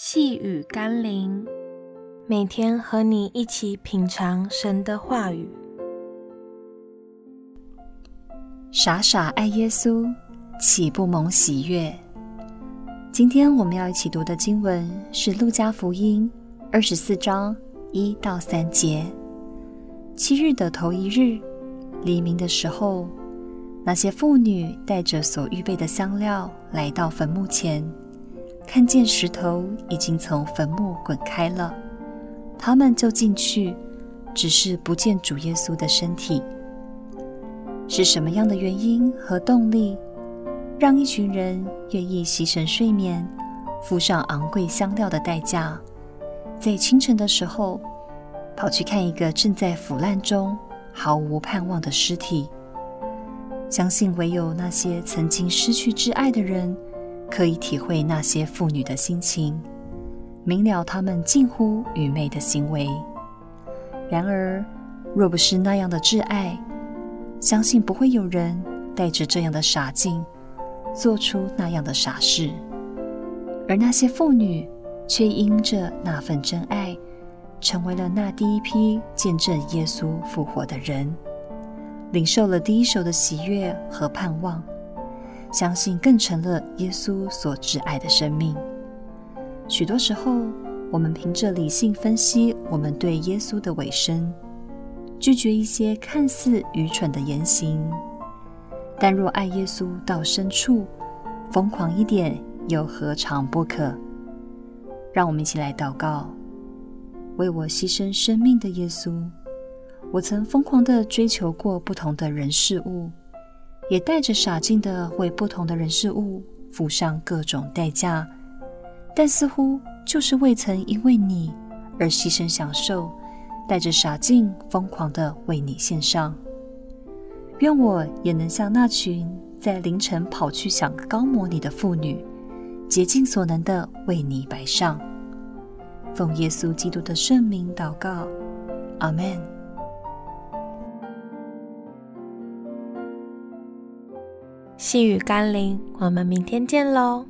細語甘霖，每天和你一起品嘗神的話語。傻傻愛耶穌，豈不蒙喜悅？今天我們要一起讀的經文是《路加福音》二十四章一到三節。七日的頭一日，黎明的時候，那些婦女帶着所預備的香料，來到墳墓前。看見石頭已經從墳墓滾開了，他們就進去，只是不見主耶穌的身體。是什麼樣的原因和動力，讓一群人願意犧牲睡眠，付上昂貴香料的代價，在清晨的時候跑去看一個正在腐爛中、毫無盼望的屍體？相信唯有那些曾經失去摯愛的人。可以體會那些婦女的心情，明了她們近乎愚昧的行為。然而，若不是那樣的摯愛，相信不會有人帶着這樣的傻勁，做出那樣的傻事。而那些婦女，卻因着那份真愛，成為了那第一批見證耶穌復活的人，領受了第一手的喜悅和盼望。相信更成了耶穌所摯愛的生命。許多時候，我們憑着理性分析，我們對耶穌的委身，拒絕一些看似愚蠢的言行。但若愛耶穌到深處，瘋狂一點又何嘗不可？讓我們一起來禱告：為我犧牲生命的耶穌，我曾瘋狂地追求過不同的人事物。也帶着傻勁的為不同的人事物付上各種代價，但似乎就是未曾因為你而犧牲享受，帶着傻勁瘋狂的為你獻上。願我也能像那群在凌晨跑去想膏抹你的婦女，竭盡所能的為你擺上。奉耶穌基督的聖名禱告，阿門。細語甘霖，我們明天見嘍。